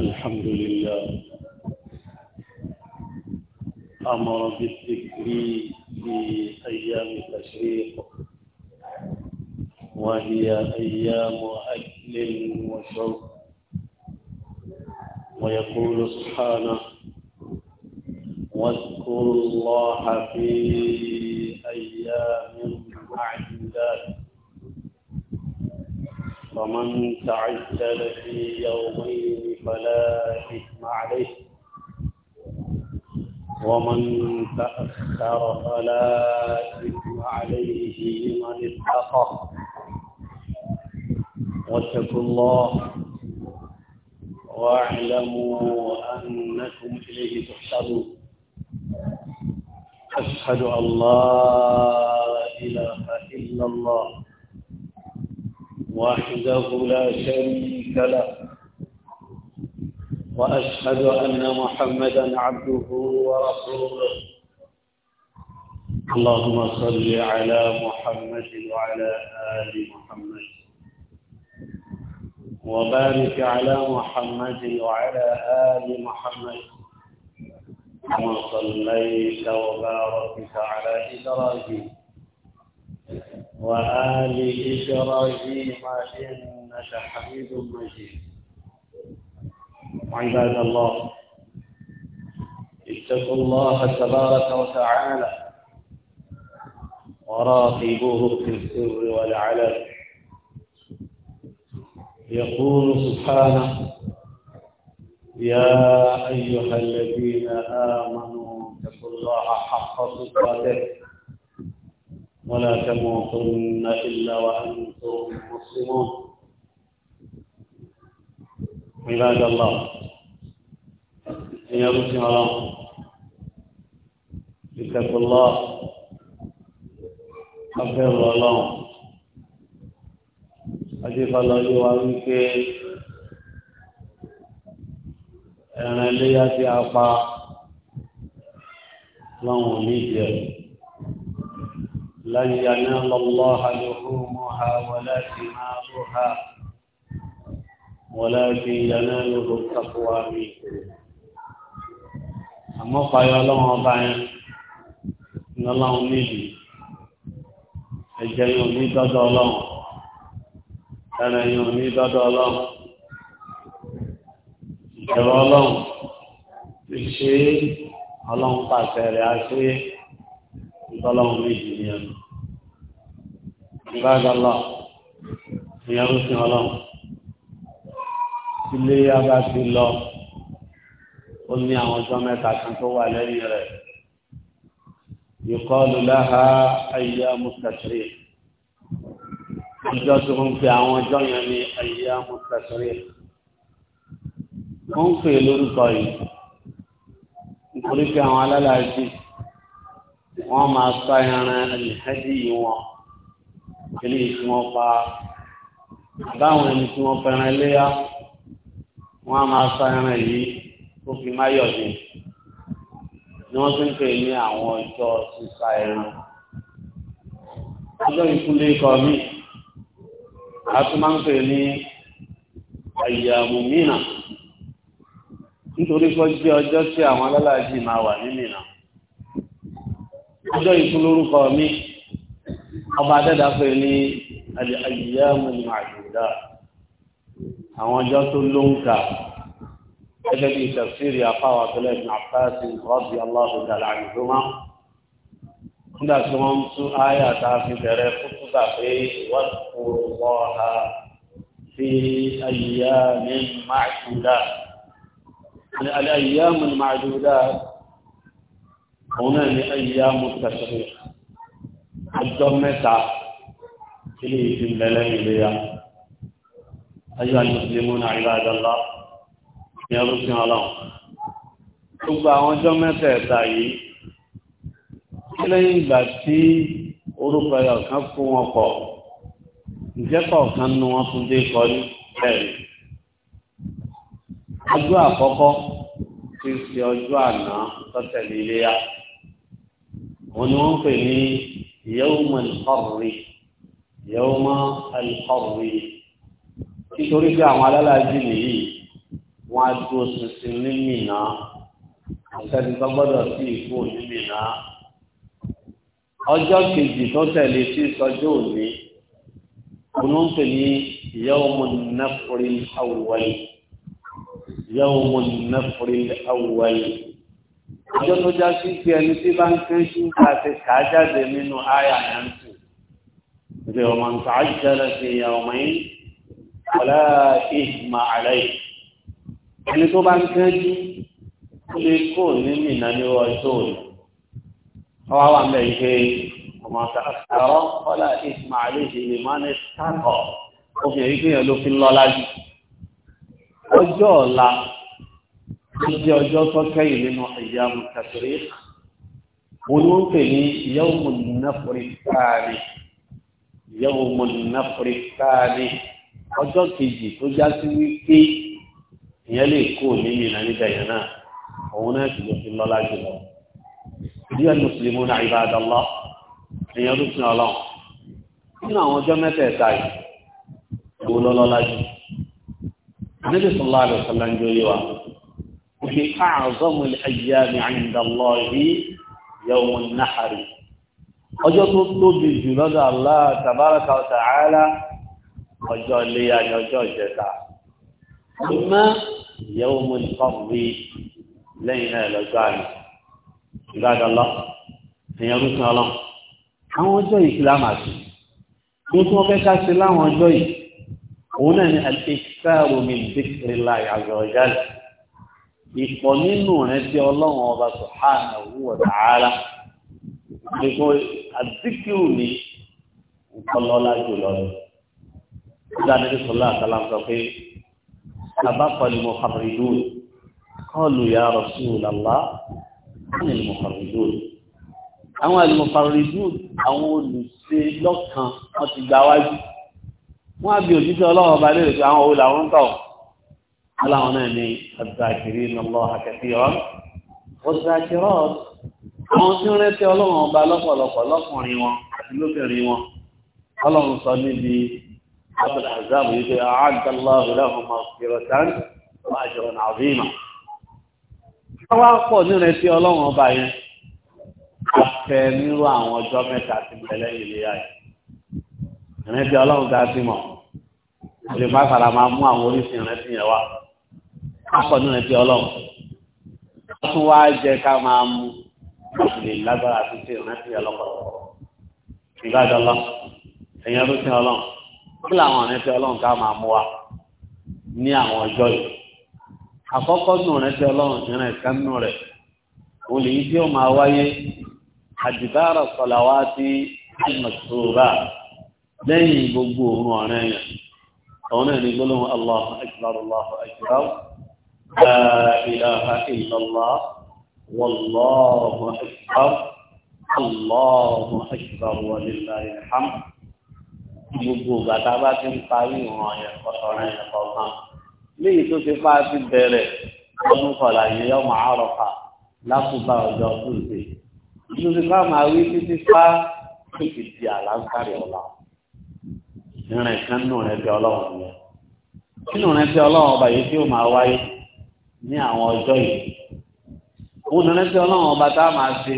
الحمد لله أمر بالذكر في أيام التشريق وهي أيام أكل وشرب ويقول سبحانه واذكر الله في أيام معدودات فمن تعجل في يومين فلا إثم عليه ومن تأخر فلا إثم عليه من اتقى واتقوا الله واعلموا أنكم إليه تحشرون أشهد أن لا إله إلا الله وحده لا شريك له وأشهد أن محمدا عبده ورسوله اللهم صل على محمد وعلى آل محمد وبارك على محمد وعلى آل محمد كما صليت وباركت على إبراهيم وآل إبراهيم إنك حميد مجيد عباد الله اتقوا الله تبارك وتعالى وراقبوه في السر والعلن يقول سبحانه يا أيها الذين آمنوا اتقوا الله حق تقاته ولا تموتن إلا وأنتم مسلمون عباد الله يا رسول الله اتقوا الله أفر الله أجيب الله يواريك أنا لياتي أقا لهم نيجي لن ينال الله لحومها ولا ثمارها ولكن يناله التقوى منكم àmọ́ fàyọ ọlọ́run ọba yẹn ní ọlọ́run níbi ẹ̀jẹ̀ yóò ní dọ́dọ̀ ọlọ́run ẹ̀rẹ̀ yóò ní dọ́dọ̀ ọlọ́run ìjẹ̀rọ ọlọ́run ti ṣe é ọlọ́run pàṣẹ rẹ̀ á ṣe é ìtọ́lọ́run níbi ni ẹnu ilé yá bá ti lọ ó ní àwọn ọjọ́ mẹ́ta kan tó wà lẹ́yìn rẹ̀ yìkọlù láha ayé mùsàtìrì ọjọ́ tó ń pè àwọn ọjọ́ yẹn ní ayé mùsàtìrì wọ́n ń pè lórúkọ yìí nítorí pé àwọn alálàájì wọ́n máa sá ẹran ẹlẹ́hẹ́dì yìí wọn eléyìí tí wọ́n pa àbáwọn ẹni tí wọ́n fẹ́ràn ẹlẹ́yà wọ́n á máa sá ẹran yìí tó fi máyọ̀dé ni wọ́n ti ń pè ní àwọn ọjọ́ sísá ẹran. ọjọ́ ìkúlé ikọ̀ mi a tún máa ń pè ní àyàmù mìíràn nítorí kọ́ jẹ́ ọjọ́ tí àwọn alálàájì máa wà ní mìíràn. ọjọ́ ìkúlé orúkọ mi ọba adẹ́dàpẹ̀ ní àyàmù màdùdà àwọn ọjọ́ tó ló ń kà gẹ́gẹ́ bí tafsiri afáwà abdullahi ibn abbas rọ́bì aláhu dàlá àdúgbò nígbà tí wọ́n ń tú àyà tá a fi bẹ̀rẹ̀ kúkú gbà pé wọ́n kò wọ́ ha fi àyíyá ní màdúdà àyíyá mi màdúdà òun náà ní àyíyá mu tẹ̀sírí ọjọ́ mẹ́ta ilé ìdílé lẹ́yìn léyà ayọ́ alìsìlẹ̀mọ́ náà ìlà àdọ́lá ní ọlọ́sìn ọlọ́run gbogbo àwọn ọjọ́ mẹ́tẹ̀ẹ̀ta yìí kí lẹ́yìn ìgbà tí orúkọ ẹ̀yọ̀ kan kó wọn pọ̀ ìjẹ́kọ̀ kan nu wọn tún dé kọrí bẹ́ẹ̀ ọjọ́ àkọ́kọ́ ti ṣe ọjọ́ àná tọ́tẹ̀lé iléyà wọn ni wọ́n pè ní yawm al-qarri yawm al-qarri nítorí pé àwọn alálàájì nìyí wọ́n á dúró ṣinṣin ní mìíràn àtẹni tó gbọ́dọ̀ sí ìkó ní mìíràn ọjọ́ kejì tó tẹ̀lé sí ìsọjọ́ òní òun ń pè ní yawmun nafril awwal yawmun nafril awwal ọjọ́ tó já sí pé ẹni tí bá ń kẹ́ sí àti kàájáde nínú àyà náà ń tù ìgbé ọmọ nǹkan àjẹrẹ sí ìyá ọmọ yìí ọ̀lá ìgbìmọ̀ àlàyé ẹni tó bá ń kánjú ó lè kó ní mìíràn ní ọjọ́ òní ọwọ́ wà mẹ́ ìgbé ọmọ àtàrọ ọ̀lá ìgbìmọ̀ àlàyé ìlú máa ń sàkọ̀ obìnrin kí yẹn ló fi ń lọ lájú ọjọ́ ọ̀la ó jẹ́ ọjọ́ tó kẹ́yìn nínú ẹ̀yà mùtàkìrí wọn ni wọ́n pè ní yawmun nafri thani yawmun nafri thani ọjọ́ kejì tó já sí wípé ìyẹn lè kó nínú ìlànà níbẹ̀ yẹn náà òun náà sì lọ fi lọ́lá jùlọ. ìdí ẹni mùsùlùmí náà ibadallah èèyàn tó sin ọlọ́run nínú àwọn ọjọ́ mẹ́tẹ̀ẹ̀ta yìí kó lọ́lọ́lá jù. àníbi sọlá rẹ̀ sọlá ń jó yé wa. òkè a'zamu al ọjọ́ tó tóbi jù lọ́dọ̀ Allah tabaraka wa ta'ala ọjọ́ iléyà ni ọjọ́ ìjẹta ìmọ̀ ìyẹ́wò mo lè kọ́ wí lẹ́yìn náà lọ́jọ́ àná ìgbàdàn lọ èèyàn rúṣin ọlọ́run àwọn ọjọ́ yìí kìlá máa sùn tó tí wọ́n fẹ́ ká ṣe láwọn ọjọ́ yìí òun náà ni àtẹ̀sáàrò mi dìkìrì láì àgbọ̀jálẹ̀ ìpọ̀ nínú rẹ̀ tí ọlọ́run ọba subhanahu wa ta'ala nígbà àdìkìrù ni nǹkan lọ́lá jùlọ ìlànà ìdí sọlá àtàlà sọ pé abákọ̀lì muharridun kọlù ya Rasulullah ní muharridun àwọn al-muharridun àwọn olùṣe lọ́kàn wọ́n ti gba wájú wọ́n á bí òjíṣẹ́ ọlọ́wọ́ bá lérò pé àwọn owó làwọn ń tọ̀ aláwọn náà ní az-zakirina Allaha kathiran waz-zakirat àwọn tí ń rẹ́tẹ́ ọlọ́wọ́n ọba lọ́pọ̀lọpọ̀ lọ́kùnrin wọn àti أبو الأحزاب يقول أعد الله لهم مغفرة وأجرا عظيما àwọn akọ̀ nínú etí ọlọ́run ọba yẹn afẹ́ nírú àwọn ọjọ́ mẹ́ta ti bẹ̀lẹ́ ilé ayé ìrìnàjò ọlọ́run ta ti mọ̀ lè má fara máa mú àwọn oríṣi ìrìnàjò yẹn wá akọ̀ nínú etí ọlọ́run wọ́n tún wá jẹ ká máa mú lè lágbára àti ṣe ìrìnàjò yẹn lọ́pọ̀lọpọ̀ ìgbàdọ́lọ́ ẹ̀yìn ọdún sí ọlọ́run kí làwọn ọ̀rẹ́sẹ̀ ọlọ́run ká máa mú wa ní àwọn ọjọ́ yìí àkọ́kọ́ nù ọ̀rẹ́sẹ̀ ọlọ́run ìrìn ẹ̀kan nù rẹ̀ olè yìí tí ó máa wáyé àdìbára sọ̀làwá sí àmọ̀sọ̀rọ̀ lẹ́yìn gbogbo òun ọ̀rẹ́ yẹn àwọn náà ní gbólóhùn Allahu akbar Allahu akbar ilaha illallah wallahu akbar Allahu akbar wa lillahi gbogbo bàtà bá ti ń parí ìwọ̀n yẹn ọ̀rẹ́ yẹn kọ̀ọ̀kan léyìí tó ti fá ti bẹ̀rẹ̀ ọdún kọ̀ọ̀lá yẹn yọ máa rọ̀fà lákùbá ọjọ́ tuntun ìlú ti fá máa wí títí fá tó ti di àlàkàrí ọ̀la ìrìn kan nù rẹ bí ọlọ́run yẹn nínú rẹ bí ọlọ́run ọba yìí tí ó máa wáyé ní àwọn ọjọ́ yìí òun rẹ bí ọlọ́run ọba tá a máa ṣe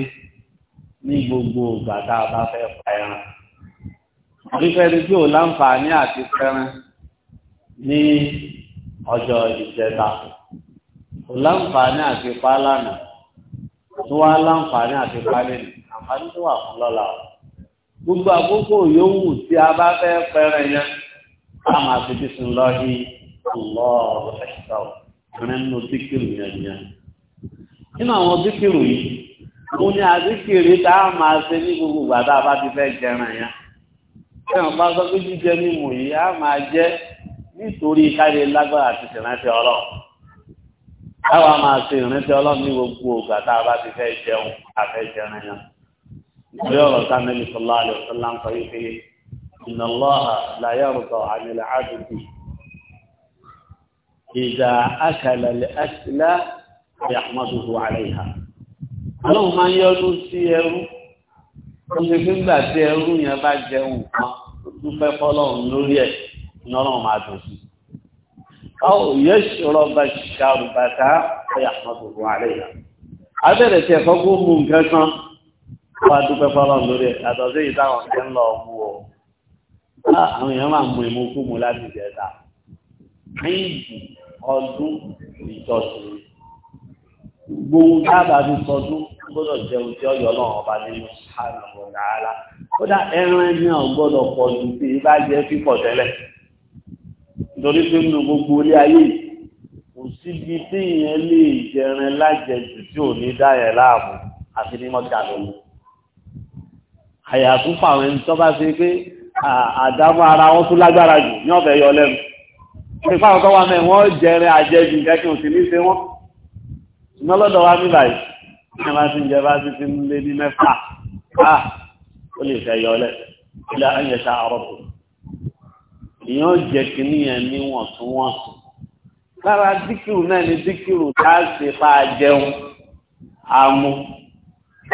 ní gbogbo bàtà bá fẹ́ pa ẹran oríṣẹ́ ẹni tí ò láǹfààní àti fẹ́ràn ní ọjọ́ ìjẹta ò láǹfààní àti pálánà tó wá láǹfààní àti pálẹ́nì àǹfààní tó wà fún lọ́la gbogbo àkókò yòówù tí a bá fẹ́ fẹ́ràn yẹn a máa fi bí sun lọ́rí ọlọ́ọ̀rọ̀ ẹ̀ṣọ́ ìrìn nínú bíkìrì yẹn yẹn nínú àwọn bíkìrì yìí mo ní àdíkìrì tá a máa ṣe ní gbogbo ìgbà tá a bá ti fẹ́ jẹran yẹn ẹ̀wọ̀n bá sọ pé jíjẹ mímu yìí á máa jẹ́ nítorí káyé lágbára àti ìrántí ọlọ́run káwa máa ṣe ìrántí ọlọ́run ní gbogbo ògbà tá a bá ti fẹ́ jẹun àfẹ́ jẹun yẹn nítorí ọ̀rọ̀ sáméli sọlá àlẹ́ ọ̀sánlá ń sọ yìí pé ìnáwó láyé ọ̀rọ̀ àmìlẹ̀ àdùkù ìdá akàlẹ̀ àṣìlá ìyàmọ́dúnrún àlẹ́ ìhà ọlọ́run máa ń yọdún sí ẹrú ó ṣe pé nígbà tí ẹrú yẹn bá jẹun kan tó dúpẹ́ fọlọ́run lórí ẹ̀ iná náà máa dùn sí. báwo yẹ ṣòro bá ṣàrù bàtà ọyà kan tó gun àlẹ́ yìí. abẹ́rẹ́ tí ẹ̀kọ́ kó mú nǹkan kan wá dúpẹ́ fọlọ́run lórí ẹ̀ yàtọ̀ sí ìtàwọn kẹ́ ń lọ mú o. àwọn èèyàn máa mú imú kú mu láti ìjẹta. méjì ọdún ìjọsìn gbogbo dábàá fi sọdún gbọ́dọ̀ jẹ́ ojú ọyọ náà ọba nínú àlọ dáadáa kódà ẹran ẹni náà gbọ́dọ̀ pọ̀ ju bí ibà jẹ fífọ̀ tẹ́lẹ̀ nítorí pé nínú gbogbo orí ayé kò síbi tí ìyẹn lè jẹrin lájẹjù tí ò ní dá yẹn láàmú àfi ní mọ́tà lónìí àyàtú fáwọn ẹni tó bá ṣe pé àdámọ́ ara wọn tún lágbára jù ní ọ̀fẹ́ yọ lẹ́nu pé fáwọn tó wà mẹ́ wọ́n jẹrin àjẹjù kẹ́kẹ́ òsì ní ṣe wọ́n ṣùgbọ́n lọ́dọ̀ wa mí báyìí ní wọ́n ti ń jẹ bá ti ti ń lé ní mẹ́fà á ó lè fẹ́ yọlẹ̀ ilé ayẹ̀ṣà àrọ́pù ìyẹn ó jẹ kínní yẹn níwọ̀ntúnwọ̀nsì lára díkìrù náà ni díkìrù tá a ṣe bá a jẹun amú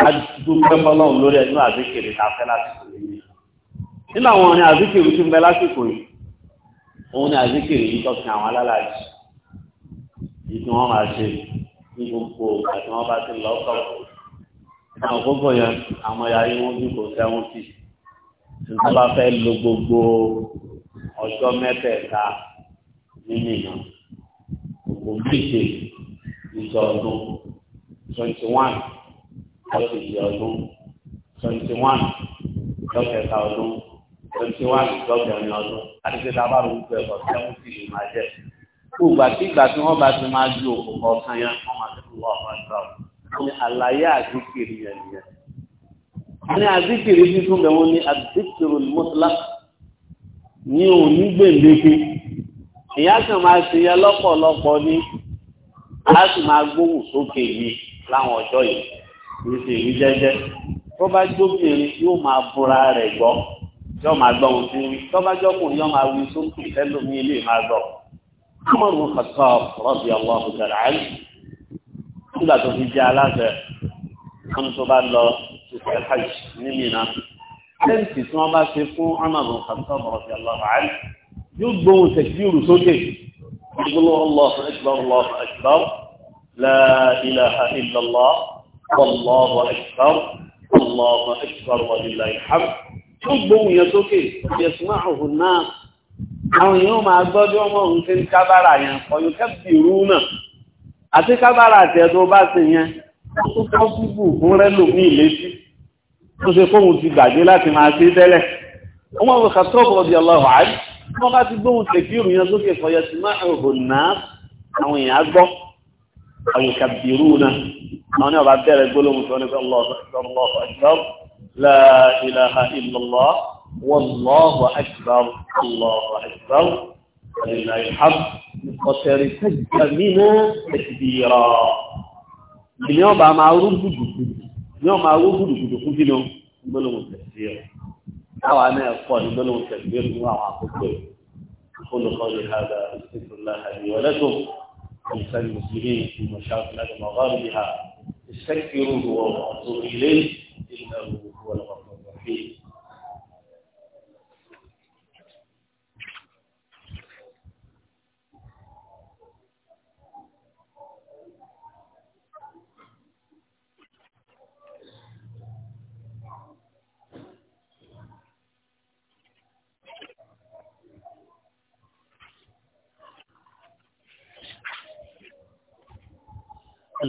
adúgbẹ́fọ́lọ́hùn lórí ẹnu àzíkiri tá a fẹ́ lásìkò yìí nínú àwọn ọ̀rìn àzíkiri tí ń bẹ lásìkò yìí òun ni àzíkiri yìí tọ́sí àwọn alálàájì ìdí máa ṣe yìí ní gbogbo àti wọn bá ti lọ kọ àwọn gbogbo yẹn àwọn ya yìí wọn bí kò sẹwọntì tí wọn bá fẹ́ lo gbogbo ọjọ́ mẹ́tẹ̀ẹ̀ta nínú ìyàn gbogbo méje ìjọ ọdún twenty one lọ́sẹ̀ ìjọ ọdún twenty one lọ́kẹ̀ẹ́ta ọdún twenty one lọ́kẹ̀ẹ́rin ọdún àti ṣe tá a bá rò ó pẹ̀lú ọ̀sẹ̀ mú sí ìlú máa jẹ́ sí kó gbàtí ìgbà tí wọ́n bá ti máa ju òkú ọ̀sán yẹn wọ́n máa ti wọ́ ọ̀pá ìgbà wọn ni àlàyé àdìkiri yẹn nìyẹn. ní àdìkiri tuntun bẹ̀ wọ́n ní àdìkiri mọ́tòlá ní òní gbèǹdéke ìyá kan máa ṣe yẹn lọ́pọ̀lọpọ̀ ní a sì máa gbóhùn sókè mi láwọn ọjọ́ yìí kì í ṣe èyí jẹ́jẹ́ tó bá jóbìnrin yóò máa búra rẹ̀ gbọ́ yóò máa gbọ́ ohun tí ń wí tó bá jọ́kùnrin yóò máa wí sókè ẹlòmíì lè máa gbọ́. عمر بن الخطاب رضي الله تعالى عنه لا في جالات خمس بلد في الحج من ميناء لم تسمع ما سيقو عمر بن الخطاب رضي الله عنه يدبو تكبير سوكي يقول الله أكبر الله أكبر لا إله إلا الله والله أكبر الله أكبر ولله الحمد يدبو يسوكي يسمعه الناس àwọn èèyàn máa gbọ́ bí ọmọ òun ti ń kábàrà yẹn ọ̀yọ́ kẹ́bìrú náà àti kábàrà àti ẹ̀dùn bá ti yẹn ó kọ́ gúgù fún rẹ́lòmí létí tó ṣe kóhun ti gbàgbé láti máa ṣe tẹ́lẹ̀ ọmọ òun kàtọ́ọ̀bù ọdí ọlọ́run àárí wọn bá ti gbóhun tẹ̀kírù yẹn sókè fọyẹ sí máa ẹ̀hò náà àwọn èèyàn gbọ́ ọ̀yọ́ kẹ́bìrú náà àwọn ní والله أكبر الله أكبر ولله الحمد سجد منا تكبيرا اليوم بقى معروف جدا اليوم معروف جدا جدا كلهم بلغوا التكبير أو أنا أقول بلغوا التكبير وأعقبه أقول قولي هذا أستغفر الله لي ولكم ولسان المسلمين في مشارق الأرض ومغاربها استكبروا وأتوب إليه إنه هو الغفور الرحيم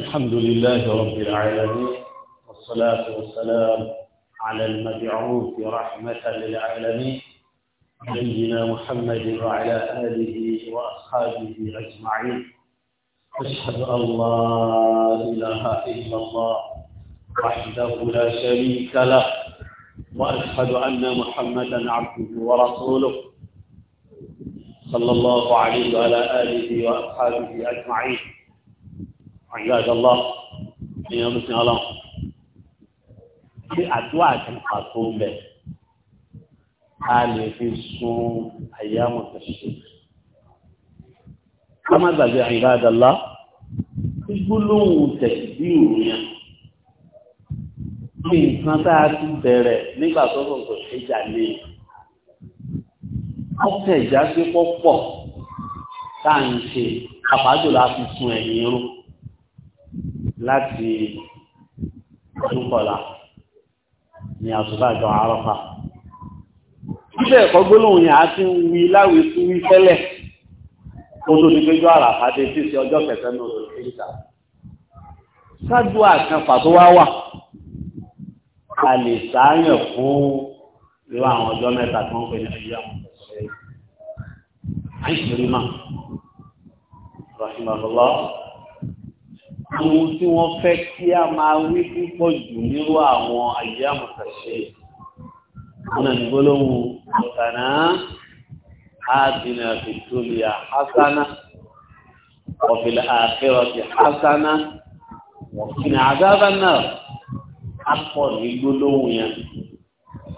الحمد لله رب العالمين والصلاة والسلام على المبعوث رحمة للعالمين نبينا محمد وعلى آله وأصحابه أجمعين أشهد أن لا إله إلا الله وحده لا شريك له وأشهد أن محمدا عبده ورسوله صلى الله عليه وعلى آله وأصحابه أجمعين àgbàdàlọ́ èèyàn ló sin ọlọ́run ṣé àdúrà àti pàtó ń bẹ a lè fi sun àyàmù tẹ̀sí. ká má gbàgbé àgbàdàlọ́ gbígbólóhùn tẹ̀sí bí òòyàn ní nǹkan tá a ti bẹ̀rẹ̀ nígbà tó kọ̀ọ̀kan ìjà lè ọ̀tẹ̀ ìjà gbé pọ̀ tá à ń ṣe àpájọ láti sun ẹ̀yìn irun láti túnkọ̀lá ní àtúbàjọ àárọ̀fà. Bíbẹ̀ ẹ̀kọ́ gbólóhùn yẹn a ti ń wí láwí fún wí tẹ́lẹ̀ kó tó ní péjọ àràfà dé tí sí ọjọ́ kẹfẹ́ ní oṣù kẹta. Ṣáájú àkan pàtó wá wà, a lè sáyàn fún irú àwọn ọjọ́ mẹ́ta tí wọ́n pè ní ẹgbẹ́ àwọn ọ̀sẹ̀ yìí. Àìsírí máa, ohun tí wọ́n fẹ́ kí a máa wí púpọ̀ jù nírú àwọn ayé àmọ̀tàṣe ọ̀nà ìgbólóhùn ọ̀tàná àdínà fìtòlìyà hasana ọ̀fìlà àfẹ́rọ̀tì hasana ọ̀fìnà àdábà náà á pọ̀ ní gbólóhùn yẹn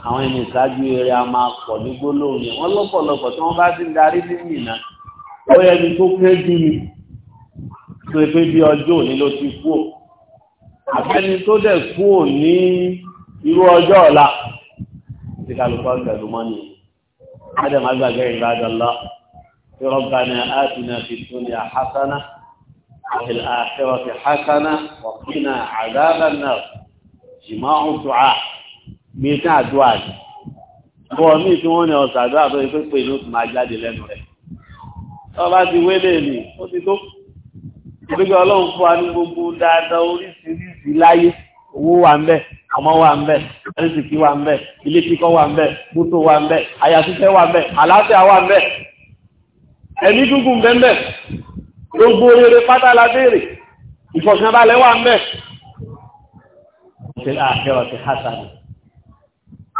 àwọn ẹni ìsáájú eré a máa pọ̀ ní yẹn wọ́n lọ́pọ̀lọpọ̀ tí wọ́n bá ti ń darí sí ìyìnà ó yẹ ni tó tó pé bí ọjọ́ òní ló ti kú ò àbẹ́ni tó dẹ̀ kú ò ní irú ọjọ́ ọ̀la tí kálukọ́ gbẹ̀rù mọ́ni ádàmà gbàgbé ìbádọ́lá tí rabbana atina fid dunya hasana wa fil akhirati hasana wa qina adhaban nar jima'u du'a bí i tán àdúrà ní bọ́ ní tí wọ́n ní ọ̀sà àdúrà tó yẹ pé pé inú tó máa jáde lẹ́nu rẹ̀ tọ́ ti wélé ní ó ti tó Oríṣi ọlọ́run fún wa ní gbogbo dáadáa oríṣiríṣi láyé. Owó wà ń bẹ̀, ọmọ wà ń bẹ̀, ẹ̀rísìkí wà ń bẹ̀, ilé kíkọ́ wà ń bẹ̀, mọ́tò wà ń bẹ̀, àyàtúntẹ́ wà ń bẹ̀, àlàáfíà wà ń bẹ̀. Ẹ̀mí gúngùn bẹ́ẹ̀ bẹ́ẹ̀. Gbogbo rere pátá la béèrè. Ìfọ̀kànbalẹ̀ wà ń bẹ̀. Ṣé àfẹ́ ọ̀sẹ̀ Hassan?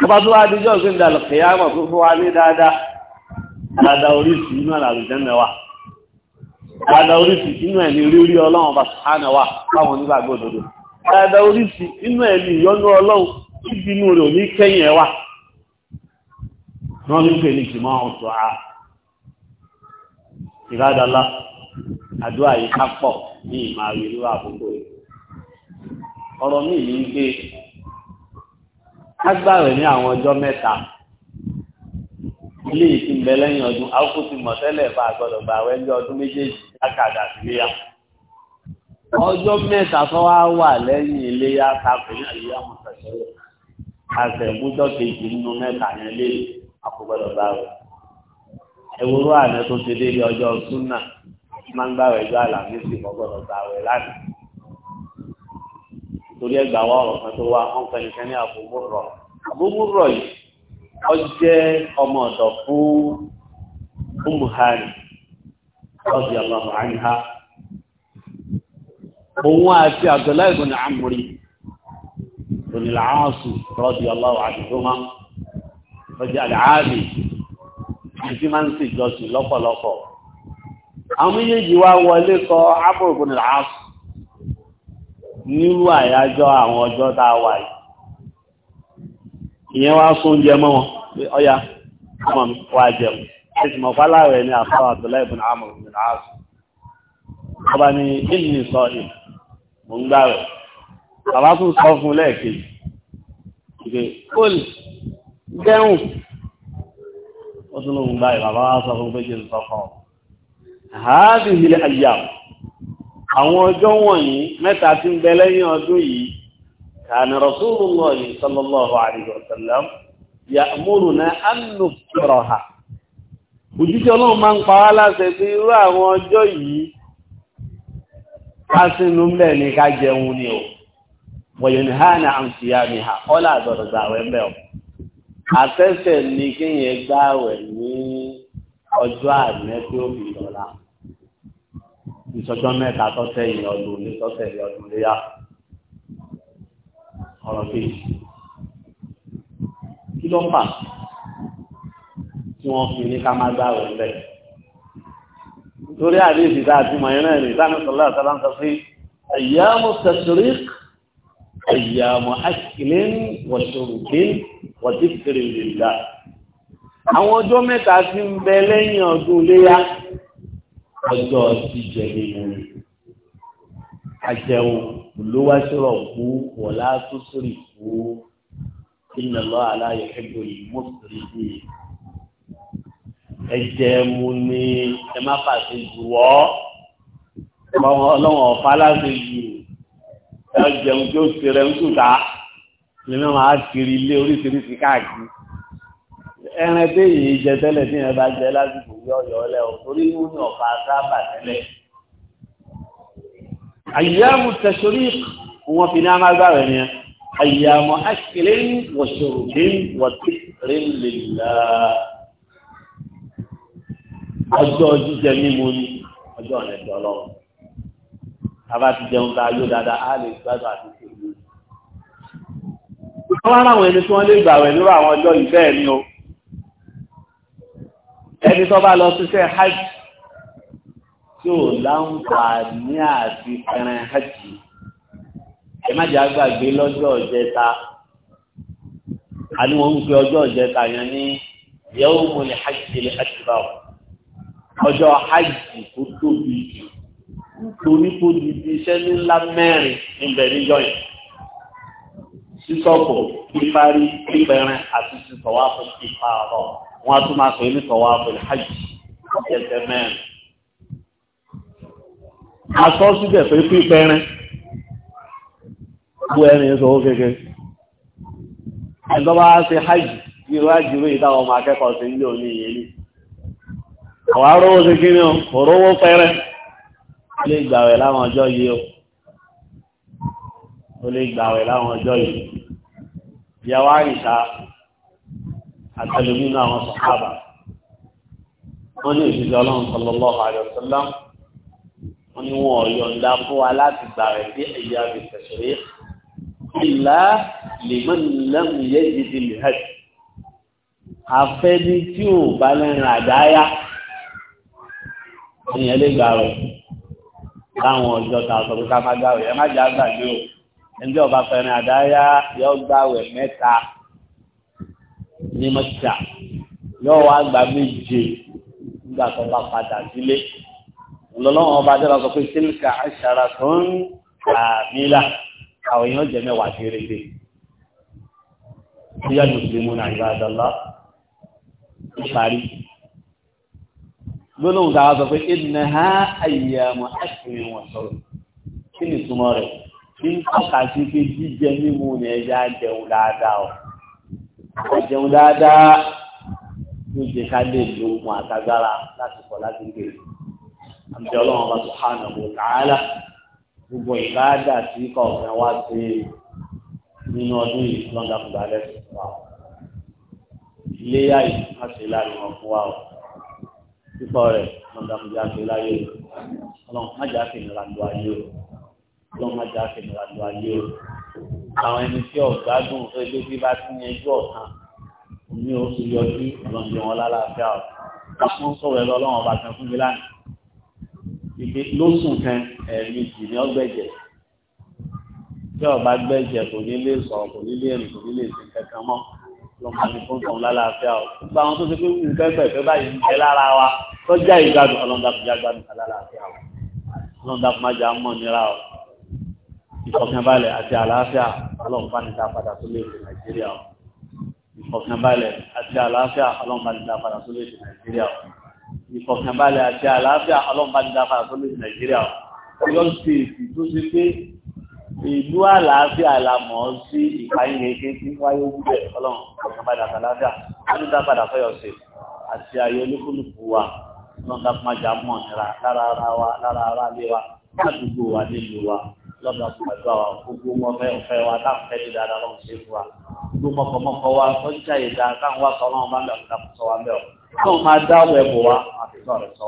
Ọba tó wá dijọ́ gbé ìdàlọ̀ kìí Dada oríṣi inú ẹ̀ ní rírí ọlọ́run bá sàánà wà fáwọn onígbàgbọ́ òdodo. Dada oríṣi inú ẹ̀ ní ìyọnú ọlọ́run níbi inú rẹ̀ ò ní kẹ́yìn ẹ̀ wà. Wọ́n ní pè ní ìgbìmọ̀ ọ̀tọ̀ a. Ìrádàlá, àdúrà yìí ká pọ̀ ní ìmàrí irú àkókò rẹ̀. Ọ̀rọ̀ mi yìí ń gbé agbára ní àwọn ọjọ́ mẹ́ta ilé yìí ti ń bẹ lẹ́yìn ọdún akókò ti mọ̀ tẹ́lẹ̀ bá a gbọ́dọ̀ gba àwọn ọdún méjèèjì akàdà síléyà ọjọ́ mẹ́ta tó wá wà lẹ́yìn iléyà káfíń àyíyá mọ̀tàṣẹ́lẹ̀ àtẹ̀gbújọ́ kejì nínú mẹ́ta yẹn lé àkọ́gbọ́dọ̀ báwò ewúrú àná tó ti dé ọjọ́ súnà máa ń gbàwé ju àlàmísì kọ́gbọ́dọ̀ báwò lánàá torí ẹgbà wa ọ̀rọ̀ kan tó wá wọn fẹ́ nìkan àbúrò àbúrò yìí ọ ọmọ ọ̀dọ̀ fún umuhari rọ́bì ọlọ́pàá àníhá òun àti Abdullahi ibn Amri ònìlà áàsù rọ́bì ọlọ́pàá àdìgbòmá ọjà àdáàbì àti máa ń sì jọsìn lọ́pọ̀lọpọ̀ àwọn méjèèjì wá wọlé kọ àyájọ́ àwọn ọjọ́ a wà yìí ìyẹn wá sóúnjẹ mọ́ wọn ọya wá jẹun ẹ̀sùn ọ̀fálà rẹ̀ ni àfáà àtọ́lá ìbùn àmọ̀ ìbùn àásù ọba ni ìlú sọ ìlú mò ń gbà rẹ̀ bàbá tún sọ fún lẹ́ẹ̀kejì ìgbé kólì gẹ́hùn ó tún lóun báyìí bàbá wa sọ fún péjì àyà àwọn ọjọ́ wọ̀nyí mẹ́ta tí ń bẹ lẹ́yìn ọdún yìí كان رسول الله صلى الله عليه وسلم يأمرنا أن نفطرها òjíṣẹ́ ọlọ́run máa ń pa wá láṣẹ pé irú àwọn ọjọ́ yìí ká sínú mbẹ̀ ni ká jẹun ni o wọ̀yẹ̀ni ha ní àǹtí ya ni ha ọ̀là àgbọ̀dọ̀dọ̀ àwẹ̀ mbẹ̀ o àtẹ́sẹ̀ ni kéèyàn gbá àwẹ̀ ní ọjọ́ àná tí ó fi dọ̀la ìsọjọ́ mẹ́ta tọ́tẹ̀ ìyẹn ọdún ní tọ́tẹ̀ ìyẹn ọdún léyà ọ̀rọ̀ kejì kí ló ń fà tí wọ́n fi ní ká máa gbá rẹ̀ lẹ̀. nítorí àdéhùn ìdá àti mọ̀ iná ìrìn ìdáná sọ̀lá àtàlà ń sọ pé àyàmú tẹ̀sírík àyàmú àkìlín wọ̀ṣọ̀rùkín wọ̀tíkìrì lìlá. àwọn ọjọ́ mẹ́ta ti ń bẹ lẹ́yìn ọdún léyà ọjọ́ jíjẹ nínú rẹ̀ àjẹun olówásọ̀rọ̀ kú wọ̀lá tó sórí kú ìnàlọ́ aláyọ̀ ẹgbẹ̀rún mọ́sùlùmí ẹ̀jẹ̀ mu ni ẹ má fàṣẹ jù wọ́ ọlọ́wọ́n ọ̀fà láti jù ẹ jẹun tí ó ti rẹ̀ ń tùtà nínú àwọn àkiri ilé oríṣiríṣi káàkiri ẹran tí èyí jẹ tẹ́lẹ̀ tí yẹn bá jẹ lásìkò yọ ọ̀yọ́ lẹ̀ ọ̀ torí mú ní ọ̀fà sábà tẹ́lẹ̀ àyíyáàmù tẹ̀sórí wọn fi ní amágbáwẹ̀ ni àyíyáàmù akìlẹ̀ wọ̀ṣọ̀rọ̀ bí wọ́n ti lè láàá ọjọ́ jíjẹ mímu ni ọjọ́ ọ̀nẹ́dẹ́ ọlọ́run bàbá ti jẹun ká yóò dáadáa á lè gbádùn àti tèmi. wọ́n wá láwọn ẹni tí wọ́n lè gbàwẹ̀ nírú àwọn ọjọ́ ìfẹ́ ẹ̀mí o ẹni tó bá lọ síṣẹ́ hajj tí ò láǹfààní àti fẹ́ràn hajj ẹ má jẹ́ àgbàgbé lọ́jọ́ ìjẹta àní wọ́n ń pe ọjọ́ ìjẹta yẹn ní yẹ́wò mo lè hajj lè hajj báwọ̀ ọjọ́ hajj tó tóbi nítorí tó di bí iṣẹ́ ńlá mẹ́rin níbẹ̀ níjọ́ yìí sísọ̀kò píparí pípẹ̀rẹ̀ àti sísọ̀wá fún píparọ̀ wọ́n á tún máa pè é nísọ̀wá fún hajj ẹsẹ̀ mẹ́rin. Asọ́ síbẹ̀ pé pípẹ̀rẹ̀ bú ẹni ìṣòwò kékeré. Ẹ̀dọ́ bá ṣe hajj ní ìwádìí ìwé ọmọ akẹ́kọ̀ọ́ sí ilé òní ìyẹn ní ọ̀wá rówó sí kí ni o kò rówó pẹ́rẹ́ ó lè gbàwẹ̀ láwọn ọjọ́ yìí o ó lè gbàwẹ̀ láwọn ọjọ́ yìí ìyàwó àyíṣà àtẹlùmí náà wọn sọ̀hábà wọ́n ní òṣìṣẹ́ ọlọ́run sallallahu alaihi wọ́n ní wọn ọ̀yọ̀ǹda fún wa láti gbàwẹ̀ sí ẹ̀yà ìfẹ̀sẹ̀rẹ́ ìlà liman lam yajid al tí ò bá lẹ́rìn àdáyá èèyàn lè gbà rẹ̀ láwọn ọjọ́ ta sọ pé ká má gbà rẹ̀ ẹ má jẹ́ àgbàdo ẹgbẹ́ ọba fẹ́ràn àdáyá yọ gbà rẹ̀ mẹ́ta ní mọ́tà yọ wá gbà méje nígbà tó bá padà sílé ọlọ́lọ́wọ́n ọba dára sọ pé sílíkà àṣàrà tó ń gbà mí là àwọn èèyàn jẹ mẹ́wàá sí rere bí yá lùsùlùmù náà ìbá àdàlá ìparí gbólóhùn tàà sọ pé ìdìnà ha àyàmọ̀ àkìrin wọn sọ̀rọ̀ kí ni túmọ̀ rẹ̀ kí ń tọ́ka sí pé jíjẹ mímu ni ẹja jẹun dáadáa o àjẹun dáadáa ló jẹ ká lè lo ohun àtagbára láti kọ láti gbé àmì ọlọ́run bá subhanahu wa ta'ala gbogbo ìbáàdà tí kọ̀ọ̀kan wá sí nínú ọdún yìí lọ́dà fún balẹ̀ fún wa iléyà yìí má ṣe láàrin wọn fún wa o sísọ rẹ̀ mọ̀dàmùjà ṣe láyé o ọlọ́run má jà sí ìnira lu ayé o ọlọ́run má jà sí ìnira lu ayé o àwọn ẹni tí ọ̀gágun ẹgbẹ́ bí bá ti yanjú ọ̀kan ní oṣù yọjú ọlọ́run wọn lálàáfíà o káfọ́n sọ̀rọ̀ ẹ̀rọ ọlọ́run ọba kan fún mi lánàá ìgbé lóṣùn kan ẹ̀mí jì ní ọgbẹ̀jẹ̀ tí ọba gbẹ̀jẹ̀ kò ní lè sọ̀rọ̀ kò ní lè rìn kò ní lè sìn kankan mọ́ lọ́mọ ní fún tòun lálàáfíà o gbogbo àwọn tó ṣe pé wù pẹ́pẹ́ pẹ́ báyìí ń bẹ lára wa tọ́jà ìgbádùn ọlọ́dàkùnjà gbádùn lálàáfíà o ọlọ́dàkùnmájà mọ̀ nira o ìfọ̀kànbalẹ̀ àti àlàáfíà ọlọ́mọbanìta padà tó lè fi nàìjíríà o ìfọ̀kànbalẹ̀ àti àlàáfíà ọlọ́mọbanìta padà tó lè fi nàìjíríà o ìfọ̀kànbalẹ̀ àti àlàáfíà ọlọ́mọbanìta padà tó lè fi nàìjíríà o ìlú àlàáfíà la mọ̀ ọ́ sí ìpáyín eke tí wáyé wúbẹ̀ ọlọ́run ọ̀sán padà kàláfíà ánúdá padà fẹ́yọ̀ sí àti ayé olúkúlùkù wa lọ́dà májà mọ̀ nira lára ara wa lára ara lé wa ládùúgbò wa nílùú wa lọ́dà pàdó àwọn gbogbo wọn fẹ́ fẹ́ wa láǹfẹ́ ní dáadáa lọ́run ṣe fún wa gbogbo mọ̀kọ̀mọ̀kọ̀ wa tọ́jà ìdá káwọn wa sọ ọlọ́run bá ń dàkúta sọ wa bẹ́ẹ̀ káwọn máa dá ẹ̀bùn wa àti sọ̀rọ̀ sọ